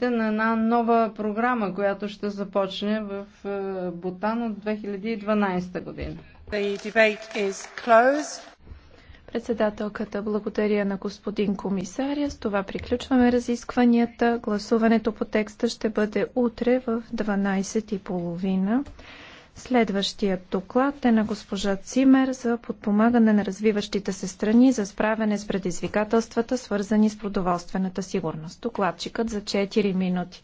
на една нова програма, която ще започне в е, Бутан от 2012 година. Председателката благодаря на господин комисаря. С това приключваме разискванията. Гласуването по текста ще бъде утре в 12.30. Следващият доклад е на госпожа Цимер за подпомагане на развиващите се страни за справяне с предизвикателствата, свързани с продоволствената сигурност. Докладчикът за 4 минути.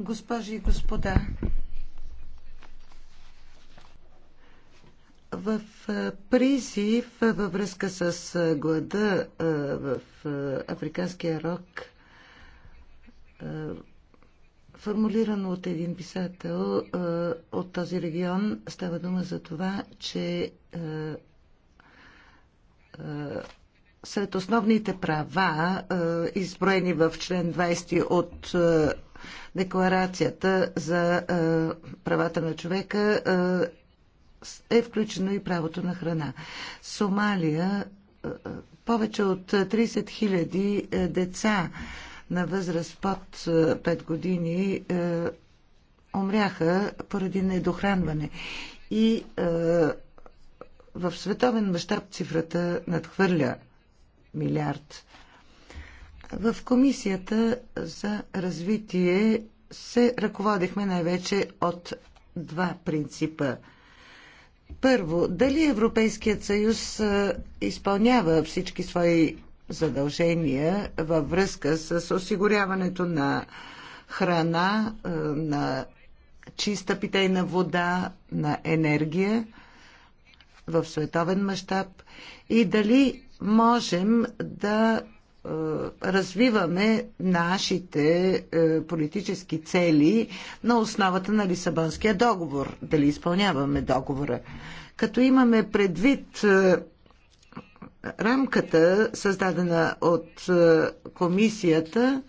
Госпожи и господа, в призив във връзка с глада в Африканския рок формулирано от един писател от този регион. Става дума за това, че сред основните права, изброени в член 20 от Декларацията за правата на човека, е включено и правото на храна. Сомалия повече от 30 000 деца на възраст под 5 е, години е, умряха поради недохранване. И е, в световен мащаб цифрата надхвърля милиард. В Комисията за развитие се ръководихме най-вече от два принципа. Първо, дали Европейският съюз изпълнява всички свои задължения във връзка с осигуряването на храна, е, на чиста питейна вода, на енергия в световен мащаб и дали можем да е, развиваме нашите е, политически цели на основата на Лисабонския договор, дали изпълняваме договора. Като имаме предвид рамката, създадена от е, комисията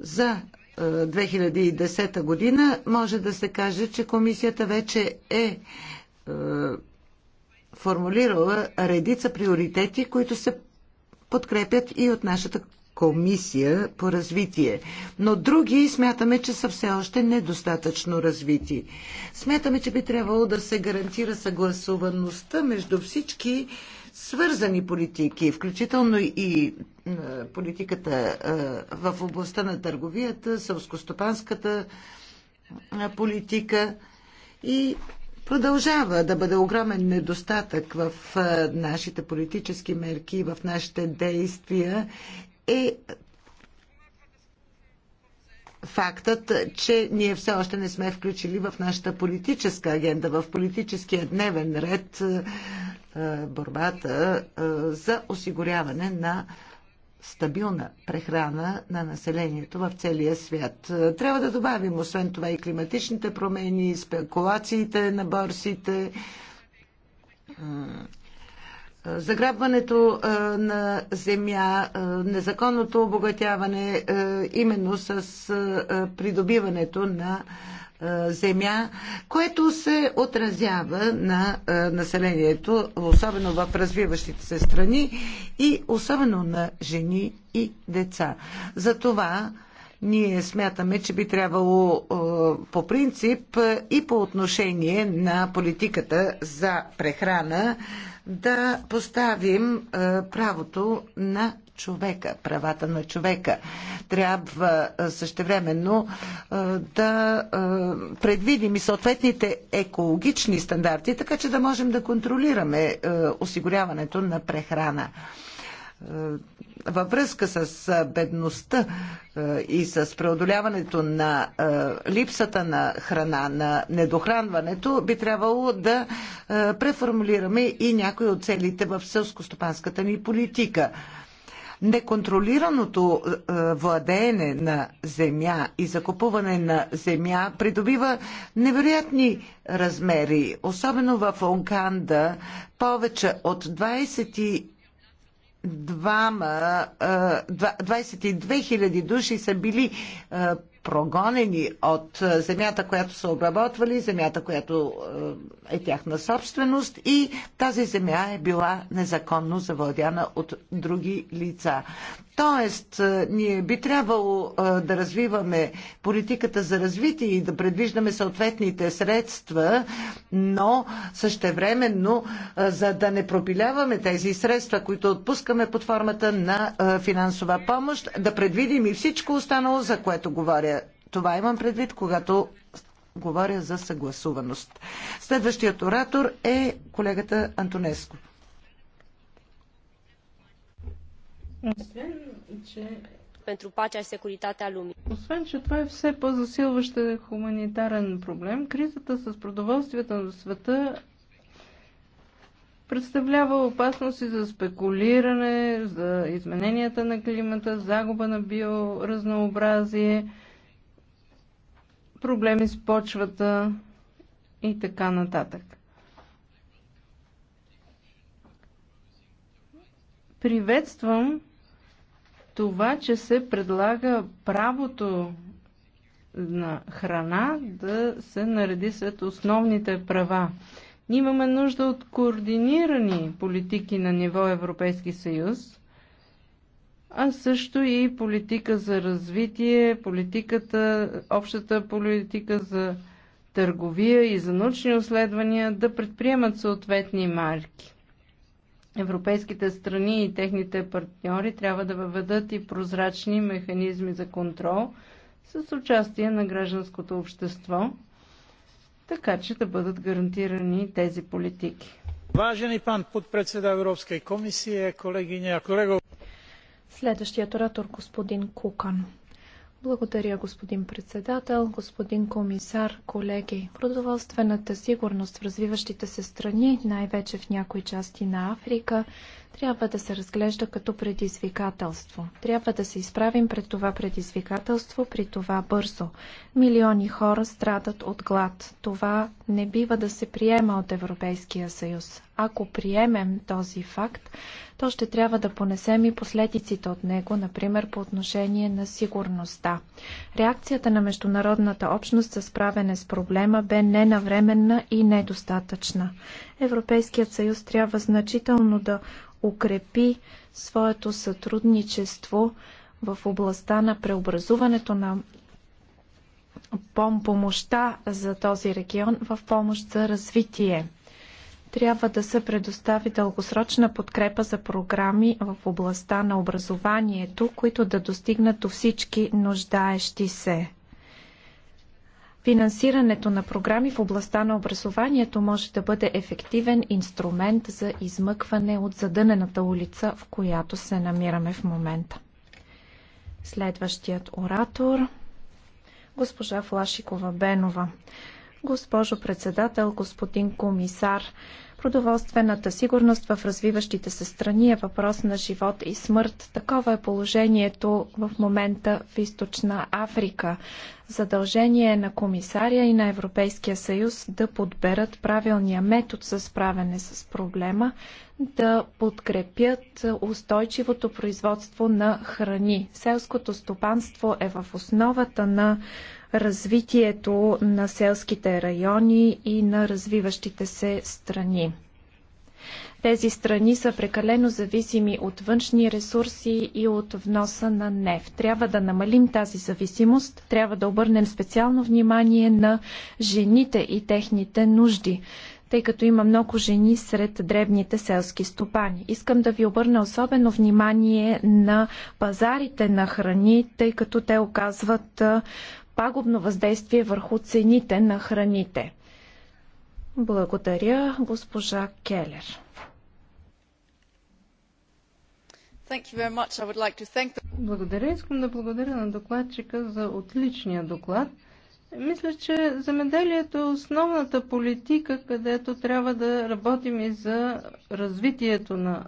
за 2010 е, година, може да се каже, че комисията вече е, е формулирала редица приоритети, които се подкрепят и от нашата комисия по развитие, но други смятаме, че са все още недостатъчно развити. Смятаме, че би трябвало да се гарантира съгласуваността между всички свързани политики, включително и е, политиката е, в областта на търговията, сълскостопанската е, политика и продължава да бъде огромен недостатък в нашите политически мерки, в нашите действия е фактът, че ние все още не сме включили в нашата политическа агенда, в политическия дневен ред е, е, борбата е, за осигуряване на стабилна прехрана на населението в целия свят. Трябва да добавим, освен това, и климатичните промени, спекулациите на борсите, заграбването на земя, незаконното обогатяване именно с придобиването на земя, което се отразява на населението, особено в развиващите се страни и особено на жени и деца. Затова ние смятаме, че би трябвало е, по принцип и по отношение на политиката за прехрана да поставим е, правото на човека, правата на човека. Трябва е, същевременно да предвидим и съответните екологични стандарти, така че да можем да контролираме осигуряването на прехрана. Е, във връзка с е, бедността е, и с преодоляването на липсата на храна, на недохранването, би трябвало да преформулираме и някои от целите в селско-стопанската ни политика. Неконтролираното владеене на земя и закупуване на земя придобива невероятни размери, особено в Онканда. Повече от 20 двама, 22 000 души са били прогонени от земята, която са обработвали, земята, която е тяхна собственост и тази земя е била незаконно завладяна от други лица. Тоест, ние би трябвало да развиваме политиката за развитие и да предвиждаме съответните средства, но същевременно, за да не пропиляваме тези средства, които отпускаме под формата на финансова помощ, да предвидим и всичко останало, за което говоря. Това имам предвид, когато говоря за съгласуваност. Следващият оратор е колегата Антонеско. Освен, че pentru pacea și securitatea lumii. Освен, че това е все по-засилващ хуманитарен проблем, кризата с продоволствията на света представлява опасности за спекулиране, за измененията на климата, загуба на биоразнообразие, проблеми с почвата и така нататък. Приветствам това, че се предлага правото на храна да се нареди след основните права. Ние имаме нужда от координирани политики на ниво Европейски съюз, а също и политика за развитие, политиката, общата политика за търговия и за научни изследвания да предприемат съответни марки. Европейските страни и техните партньори трябва да въведат и прозрачни механизми за контрол с участие на гражданското общество, така че да бъдат гарантирани тези политики. Важен и пан подпредседа Европейской комисии, е колегиня, колего. Следващият оратор господин Кукан. Благодаря, господин председател, господин комисар, колеги. Продоволствената сигурност в развиващите се страни, най-вече в някои части на Африка, трябва да се разглежда като предизвикателство. Трябва да се изправим пред това предизвикателство, при това бързо. Милиони хора страдат от глад. Това не бива да се приема от Европейския съюз. Ако приемем този факт, то ще трябва да понесем и последиците от него, например по отношение на сигурността. Реакцията на международната общност за справяне с проблема бе ненавременна и недостатъчна. Европейският съюз трябва значително да укрепи своето сътрудничество в областта на преобразуването на помощта за този регион в помощ за развитие. Трябва да се предостави дългосрочна подкрепа за програми в областта на образованието, които да достигнат до всички нуждаещи се. Финансирането на програми в областта на образованието може да бъде ефективен инструмент за измъкване от задънената улица, в която се намираме в момента. Следващият оратор госпожа Флашикова Бенова. Госпожо председател, господин комисар, Продоволствената сигурност в развиващите се страни е въпрос на живот и смърт. Такова е положението в момента в източна Африка. Задължение на комисария и на Европейския съюз да подберат правилния метод за справяне с проблема, да подкрепят устойчивото производство на храни. Селското стопанство е в основата на развитието на селските райони и на развиващите се страни. Тези страни са прекалено зависими от външни ресурси и от вноса на нефт. Трябва да намалим тази зависимост, трябва да обърнем специално внимание на жените и техните нужди тъй като има много жени сред дребните селски стопани. Искам да ви обърна особено внимание на пазарите на храни, тъй като те оказват пагубно въздействие върху цените на храните. Благодаря, госпожа Келер. Благодаря. Искам да благодаря на докладчика за отличния доклад. Мисля, че земеделието е основната политика, където трябва да работим и за развитието на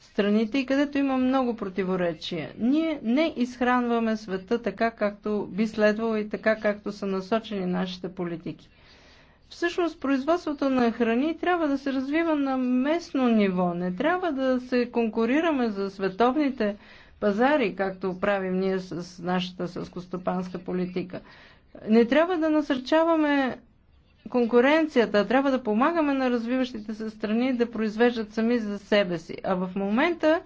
страните и където има много противоречия. Ние не изхранваме света така, както би следвало и така, както са насочени нашите политики. Всъщност производството на храни трябва да се развива на местно ниво. Не трябва да се конкурираме за световните пазари, както правим ние с нашата сълскостопанска политика. Не трябва да насърчаваме конкуренцията. Трябва да помагаме на развиващите се страни да произвеждат сами за себе си. А в момента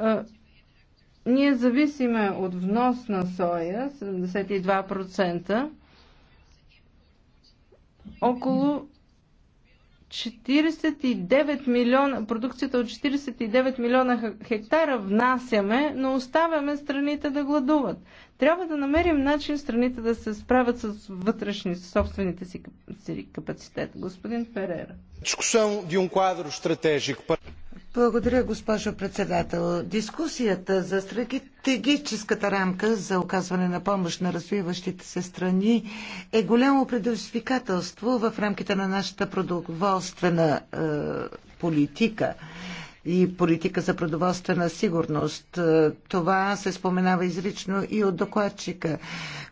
а, ние зависиме от внос на соя, 72%. Около 49 милиона, продукцията от 49 милиона хектара внасяме, но оставяме страните да гладуват. Трябва да намерим начин страните да се справят с вътрешни, с собствените си капацитет. Господин Ферера. Благодаря, госпожо председател. Дискусията за стратегическата рамка за оказване на помощ на развиващите се страни е голямо предизвикателство в рамките на нашата продоволствена е, политика и политика за продоволствена сигурност. Е, това се споменава изрично и от докладчика,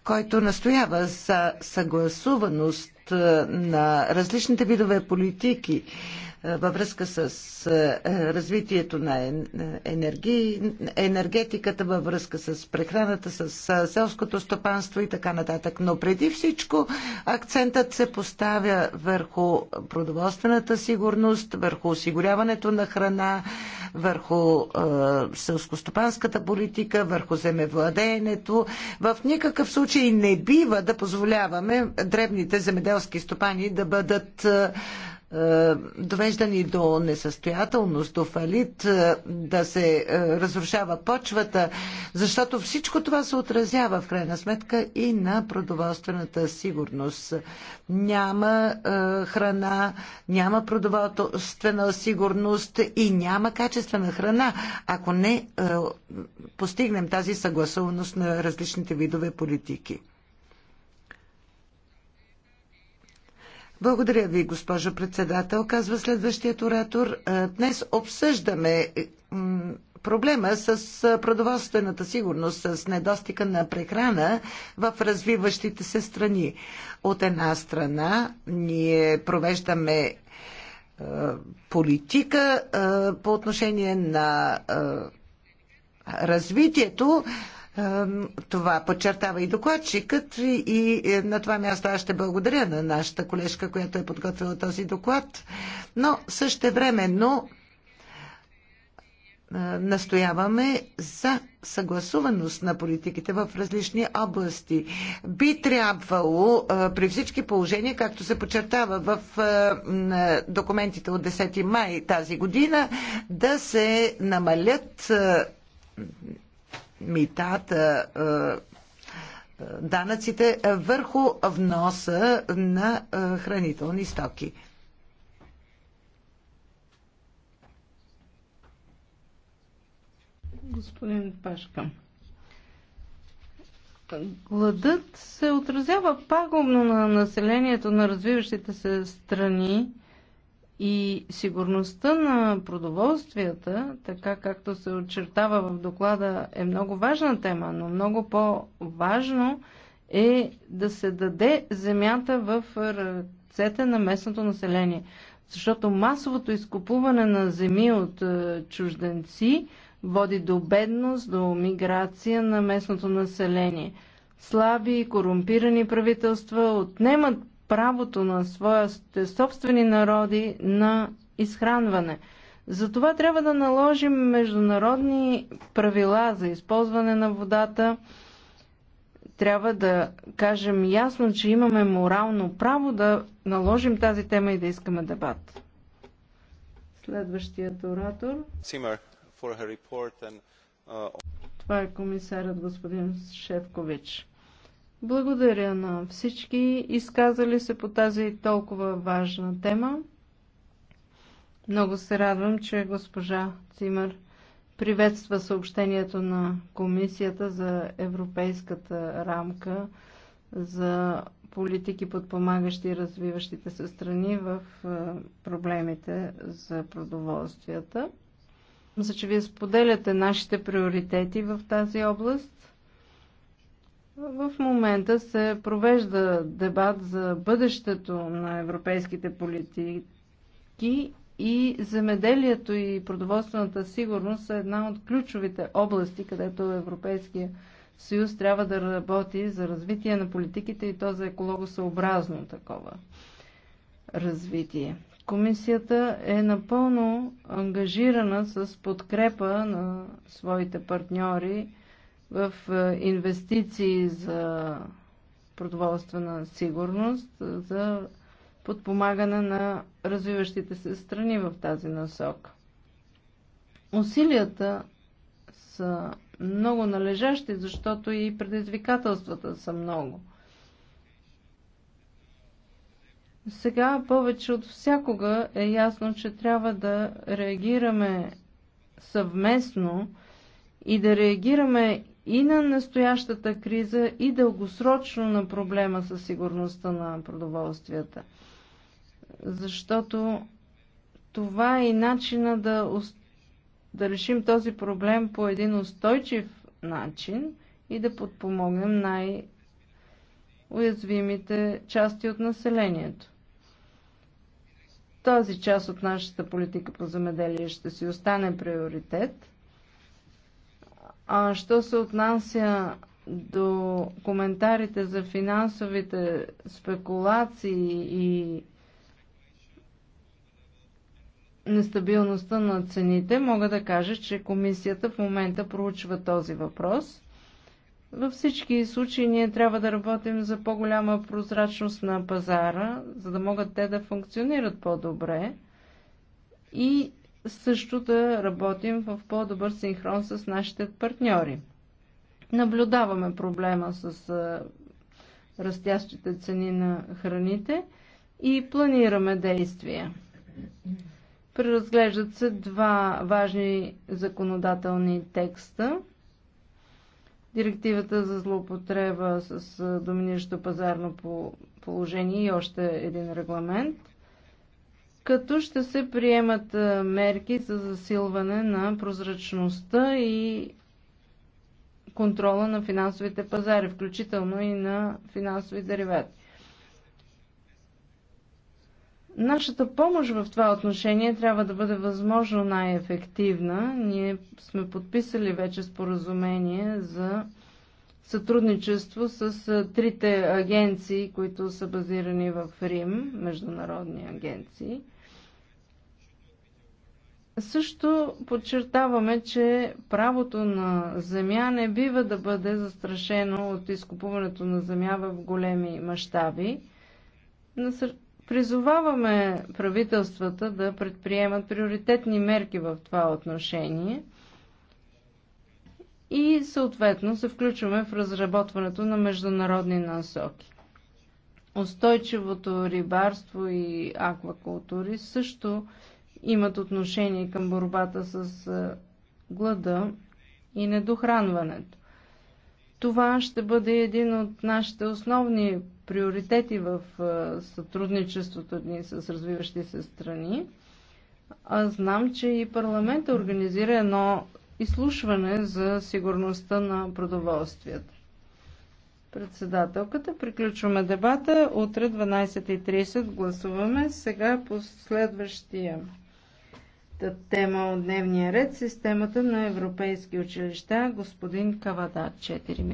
който настоява за съгласуваност е, на различните видове политики във връзка с е, развитието на е, енергии, енергетиката, във връзка с прехраната, с селското стопанство и така нататък. Но преди всичко акцентът се поставя върху продоволствената сигурност, върху осигуряването на храна, върху е, селскостопанската политика, върху земевладеенето. В никакъв случай не бива да позволяваме дребните земеделски стопани да бъдат е, е, довеждани до несъстоятелност, до фалит, е, да се е, разрушава почвата, защото всичко това се отразява в крайна сметка и на продоволствената сигурност. Няма храна, няма продоволствена сигурност и няма качествена храна, ако не постигнем тази съгласуваност на различните видове политики. Благодаря ви, госпожо председател, казва следващият оратор. Е, днес обсъждаме е, проблема с е, продоволствената сигурност, с недостига на прехрана в развиващите се страни. От една страна ние провеждаме политика по отношение на развитието, това подчертава и докладчикът и е, на това място аз ще благодаря на нашата колежка, която е подготвила този доклад, но също времено настояваме за съгласуваност на политиките в различни области. Би трябвало при всички положения, както се подчертава в документите от 10 май тази година, да се намалят митата, данъците върху вноса на хранителни стоки. Господин Пашка, гладът се отразява пагубно на населението на развиващите се страни и сигурността на продоволствията, така както се очертава в доклада, е много важна тема, но много по-важно е да се даде земята в ръцете на местното население. Защото масовото изкупуване на земи от е, чужденци води до бедност, до миграция на местното население. Слаби и корумпирани правителства отнемат правото на своите собствени народи на изхранване. Затова трябва да наложим международни правила за използване на водата. Трябва да кажем ясно, че имаме морално право да наложим тази тема и да искаме дебат. Следващият оратор. Uh, Това е комисарът господин Шевкович. Благодаря на всички изказали се по тази толкова важна тема. Много се радвам, че госпожа Цимър приветства съобщението на Комисията за Европейската рамка за политики, подпомагащи развиващите се страни в е, проблемите за продоволствията. За че вие споделяте нашите приоритети в тази област. В момента се провежда дебат за бъдещето на европейските политики и земеделието и продоволствената сигурност са една от ключовите области, където Европейския съюз трябва да работи за развитие на политиките и то за екологосъобразно такова развитие. Комисията е напълно ангажирана с подкрепа на своите партньори в е, инвестиции за продоволствена сигурност, за подпомагане на развиващите се страни в тази насока. Усилията са много належащи, защото и предизвикателствата са много. Сега повече от всякога е ясно, че трябва да реагираме съвместно и да реагираме и на настоящата криза, и дългосрочно на проблема със сигурността на продоволствията. Защото това е и начина да, да решим този проблем по един устойчив начин и да подпомогнем най-уязвимите части от населението тази част от нашата политика по земеделие ще си остане приоритет а що се отнася до коментарите за финансовите спекулации и нестабилността на цените, мога да кажа, че комисията в момента проучва този въпрос. Във всички случаи ние трябва да работим за по-голяма прозрачност на пазара, за да могат те да функционират по-добре и също да работим в по-добър синхрон с нашите партньори. Наблюдаваме проблема с растящите цени на храните и планираме действия. Преразглеждат се два важни законодателни текста. Директивата за злоупотреба с доминиращо пазарно положение и още един регламент – като ще се приемат мерки за засилване на прозрачността и контрола на финансовите пазари, включително и на финансови деривати. Нашата помощ в това отношение трябва да бъде възможно най-ефективна. Ние сме подписали вече споразумение за сътрудничество с трите агенции, които са базирани в Рим, международни агенции. Също подчертаваме, че правото на земя не бива да бъде застрашено от изкупуването на земя в големи мащаби. Призоваваме правителствата да предприемат приоритетни мерки в това отношение – и съответно се включваме в разработването на международни насоки. Устойчивото рибарство и аквакултури също имат отношение към борбата с глада и недохранването. Това ще бъде един от нашите основни приоритети в сътрудничеството ни с развиващи се страни. знам, че и парламентът организира едно изслушване за сигурността на продоволствията. Председателката, приключваме дебата. Утре 12.30 гласуваме. Сега е по следващия тема от дневния ред, системата на европейски училища, господин Кавада, 4 минути.